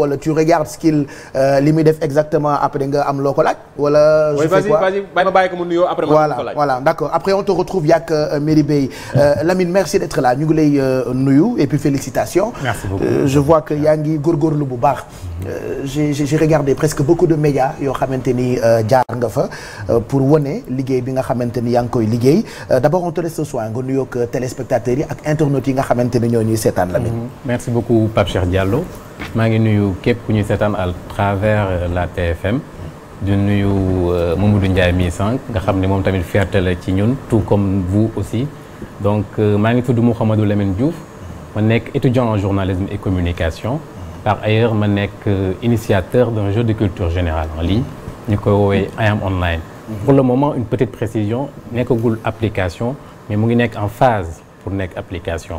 wala tu regardes ce euh, li muy def exactement après nga am loo ko laaj. wala je sais quoi oui vas-y vas-y ma bàyyi ko mu nuyoo après. ma ko laaj d'accord après on te retrouve yàgg Merry Beye Lamine merci d'être là ñu ngi lay euh, nuyu et puis félicitations. merci euh, je vois que yaa ngi lu bu baax. j'ai j'ai regardé presque beaucoup de médias yoo xamante ni jaar nga fa pour wane liggéey bi nga xamante ni yaa ngi koy liggéey d'abord on te laisse ce soin nga nuyoog téléspectateurs yi ak internautes yi nga xamante ni ñoo ñuy seetaan Lamine. Mm-hmm. maa ngi nuyu képp ku ñu seetaan à travers la TFM di nuyu euh, du Ndiaye mi sànq nga xam ne moom tamit fierté ci ñun tout comme vous aussi donc euh, maa ngi tudd Mouhamadou Lamine Diouf ma nekk étudiant en journalisme et communication par ailleurs ma nekk euh, initiateur d'un jeu de culture générale en ligne ñu koy woowee I am online pour le moment une petite précision nekkagul application mais mu ngi nekk en phase pour nekk application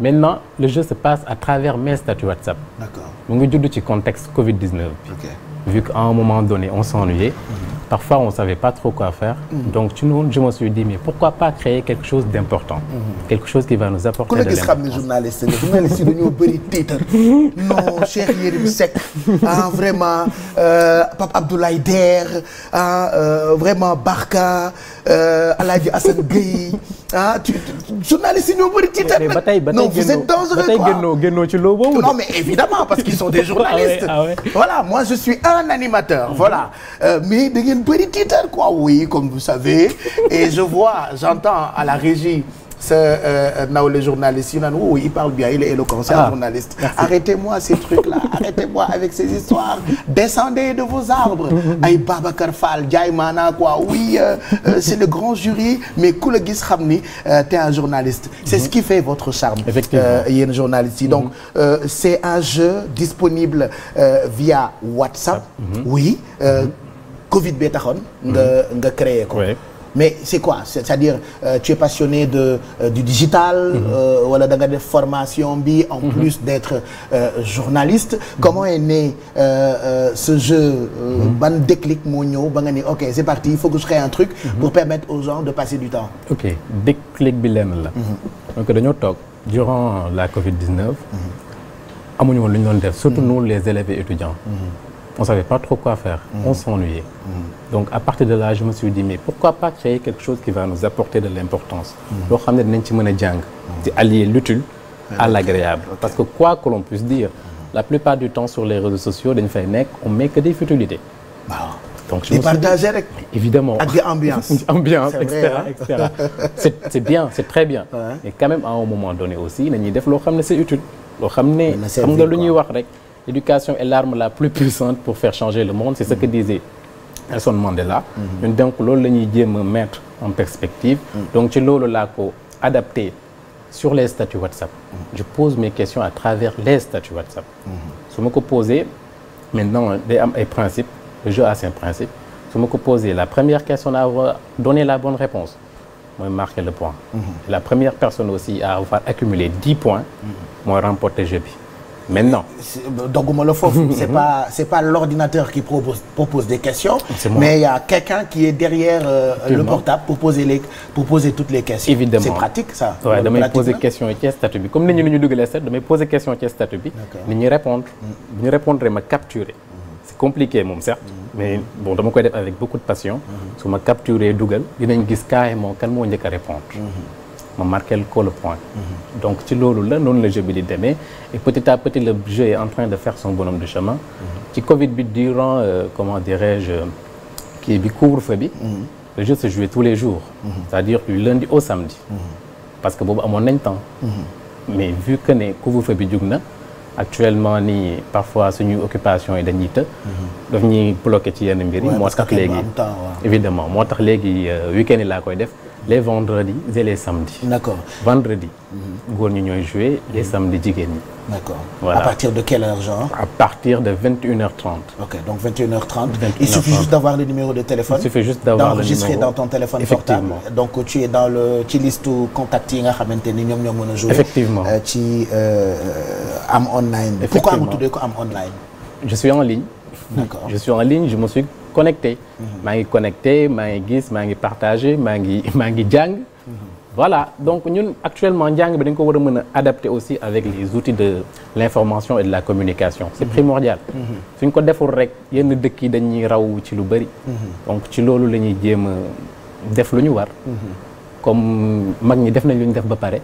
maintenant le jeu se passe à travers mes statuts WhatsApp. d'accord mu ngi judd ci contexte Covid 19 bi. Okay. vu qu'à un moment donné on s'ennuyait. Mhm. parfois on savait pas trop quoi faire. Mhm. donc ci noonu je me suis dit mais pourquoi pas créer quelque chose d'important. Mhm. quelque chose qui va nous apporter de l'importance. ku nekk xam ne journaliste la journaliste yi dañoo bëri titre non Cheikh Yérim Seck ah vraiment euh, Pape Abdoulaye Der ah euh, vraiment Barka El euh, Hadj Assane Gueye. ah tu journaliste yi ñoo bëri tiital nag. ba tey ba tey génnoo génnoo ci loo boobu. non mais évidemment parce qu'ils sont des journalistes. ah ouais, ah ouais. voilà moi je suis un animateur. voilà euh, mais da ngeen bëri tiital quoi oui comme vous savez. et je vois j'entends à la régie. sa nawle euh, euh, journaliste yu naan wuu il parle bien il est éloquent c'est un ah, journaliste arrêtez-moi ces trucs là arrêtez-moi avec ces histoires descendez de vos arbres ay Babacar Fall jaay maanaa quoi oui euh, c'est le grand jury mais ku la gis xam ni t'es un journaliste c'est ce mhm. qui fait votre charme yéen journalistes yi donc mhm. c'est un jeu disponible via WhatsApp mhm. oui Covid bee taxoon nga nga créer ko mais c'est quoi c'est-à-dire euh, tu es passionné de euh, du digital mhm. euh, wala da nga def formation bi en mm -hmm. plus d'être euh, journaliste comment mhm. est né euh, ce jeu mhm. ban déclic moo ñëw ba nga ni OK c'est parti il faut que je crée un truc pour permettre aux gens de passer du temps OK déclic bi la donc dañoo toog durant la Covid-19 amuñu woon lu ñu doon def surtout nous les élèves et étudiants on savait pas trop quoi faire. Mmh. On s'ennuyait. Mmh. Donc à partir de là, je me suis dit, mais pourquoi pas créer quelque chose qui va nous apporter de l'importance mm. loo xam ne dinañ ci mën a jàng. Mm. di à l'agréable. Okay. Parce que quoi que l'on puisse dire, mm. la plupart du temps sur les réseaux sociaux dañ fay nekk on met que des futilités. Wow. Ah. donc je me suis partagé rek. évidemment ak di et cetera c'est bien c'est très bien. quand même à un moment donné aussi nañuy def loo xam ne c'est utile. loo xam ne xam nga lu ñuy wax rek. l'éducation est l'arme la plus puissante pour faire changer le monde c'est ce que disait Nelson Mandela mhm. ñun donc loolu la ñuy jéem a mettre en perspective mhm. donc ci loolu laa ko adapté sur les statuts WhatsApp mhm. je pose mes questions à travers les statuts WhatsApp su ma ko posé maintenant day am ay principes le jeu a principes su ma ko posé la première question à avoir donné la bonne réponse mooy marquer le point la première personne aussi à avoir accumulé dix points mooy remporter jeu bi maintenant dogguma la foofu c'est pas c'est pas l'ordinateur qui propose propose des questions mais il y quelqu'un qui est derrière euh, le portable pour poser les pour poser toutes les questions évidemment c'est pratique ça waaw damay poser comme nit ñi ni ñu dugalee statut damay poser question ci statut bi nit répondre bu mm. répondre ma capturer mm. c'est compliqué moom certes mm. mais bon dama koy def avec beaucoup de passion su ma capturer dugal dinañ gis carrément kan moo njëkk a répondre ma marqué ko le point. donc ci loolu la noonu la jeu bi di demee et petit à petit le jeu est en train de faire son bonhomme de chemin. ci Covid bi durant euh, comment dirais-je kii bi couvre-feu bi. le jeu se jouait tous les jours. c'est-à-dire du lundi au samedi. parce que boobu amoon nañ temps. mais vu que ne couvre-feu bi jug na. actuellement nii parfois suñu occupation yi dañuy të. Mhm. daf ñuy bloqué ci yenn mbir moo tax léegi évidemment moo tax léegi euh, week-end yi laa koy def. les vendredis et les samedis. d'accord vendredi. Mhm. góor ñi ñooy jouer les mhm. samedis jigéen ñi. D'accord. Voilà. À partir de quelle heure, genre À partir de 21h30. OK, donc 21h30. yi nga xamante ni ñoom ñoo mën a jouer. Effectivement. Euh, ci euh, am online. Effectivement. Pourquoi mu tuddee ko am online Je suis en ligne. D'accord. Je suis en ligne, je me mhm. maa ngi connecté maa maa ngi partagé maa ngi maa ngi jàng. voilà donc ñun actuellement njàng bi dañ ko war a mën a adapter aussi avec les outils de l'information et de la communication c'est mhm. primordial mhm. suñ ko deful rek yenn dëkk yi dañuy raw ci lu bëri mhm. donc ci loolu la ñuy jéem a def lu ñu war comme mag ñi def nañ lu ñu def ba pare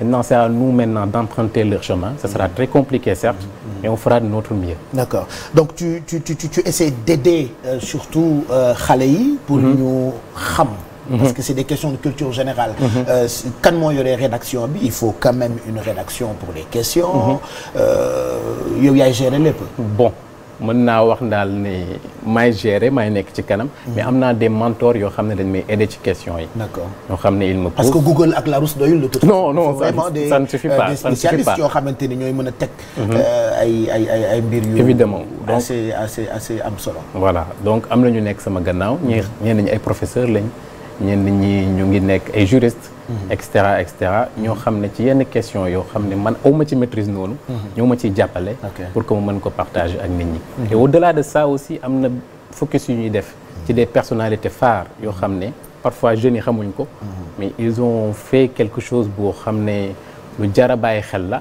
maintenant c'est à nous maintenant d'emprunter leur chemin ce sera très compliqué certes mais on fera de notre mieux donc tu tu tu tu essaies d'aider euh, surtout euh, xale yi pour ñu xam parce que c'est des questions de culture générale. kan mhm. euh, moo yore rédaction bi il faut quand même une rédaction pour les questions. Mhm. Euh, yow yaay gérer lépp. bon naa wax daal ne maay gérer maay nekk ci kanam. Mhm. mais am naa de mentors yoo xam ne dañ may aider ci question yi. d'accord ñoo xam ne il me parce que Google ak Larousse doyul de tout. non non vraiment des ne suffit euh, pas des spécialistes yoo xamante ni ñooy mën a teg. ay mbir yu. évidemment donc assez assez assez am solo. voilà donc am na ñu nekk sama gannaaw. ñii ñenn ñi ay professeurs lañ. ñenn ñi ñu ngi nekk ay juristes. Mhm. et cetera et cetera mhm. ñoo xam ne ci yenn question yoo xam ne man awma ci maîtrise noonu. Mhm. ñoo ma ci jàppale. pour que mu mën ko partager ak nit ñi. et au delà de ça aussi am na focus yu ñuy def. ci des personnalités phares yoo xam ne parfois jeunes yi xamuñ ko. mais ils ont fait quelque chose boo xam ne lu jara bàyyi xel la.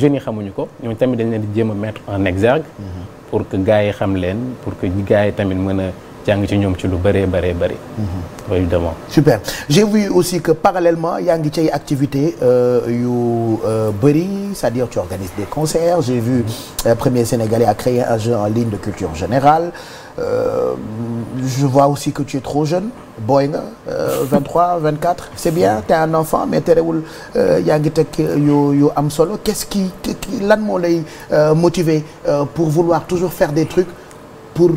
jeunes yi xamuñu ko ñoom tamit dañ leen di jéem a mettre en exergue. pour que gars yi xam leen pour que gars yi tamit mën a. jàng ci ñoom ci lu bëree bëree bëri. Mhm. évidemment super j'ai vu aussi que parallèlement yaa ngi activité euh, yu euh, bëri c'est-à-dire tu organises des concerts j'ai vu mhm. euh, Premier Sénégalais a créé un jeu en ligne de culture générale euh, je vois aussi que tu es trop jeune booy nga euh, 23 24 c'est bien t'es un enfant mais terewul yaa ngi teg yu yu am solo qu'est-ce qui lan moo pour vouloir toujours faire des trucs pour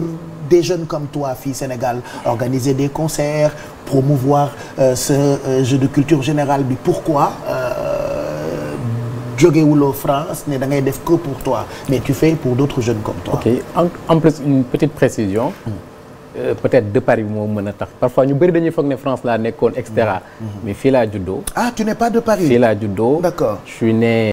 des jeunes comme toi fii Sénégal organiser des concerts promouvoir euh, ce euh, jeu de culture générale bi pourquoi euh, jógewuloo France ne da ngay def que pour toi mais tu fais pour d'autres jeunes comme toi. ok en, en plus une petite précision. Hmm. Euh, peut-être de Paris moo mën a tax parfois ñu bëri dañuy foog ne France laa nekkoon et hmm. Hmm. mais fii laa juddoo. Ah, tu n'es pas de Paris. fii laa juddoo. d'accord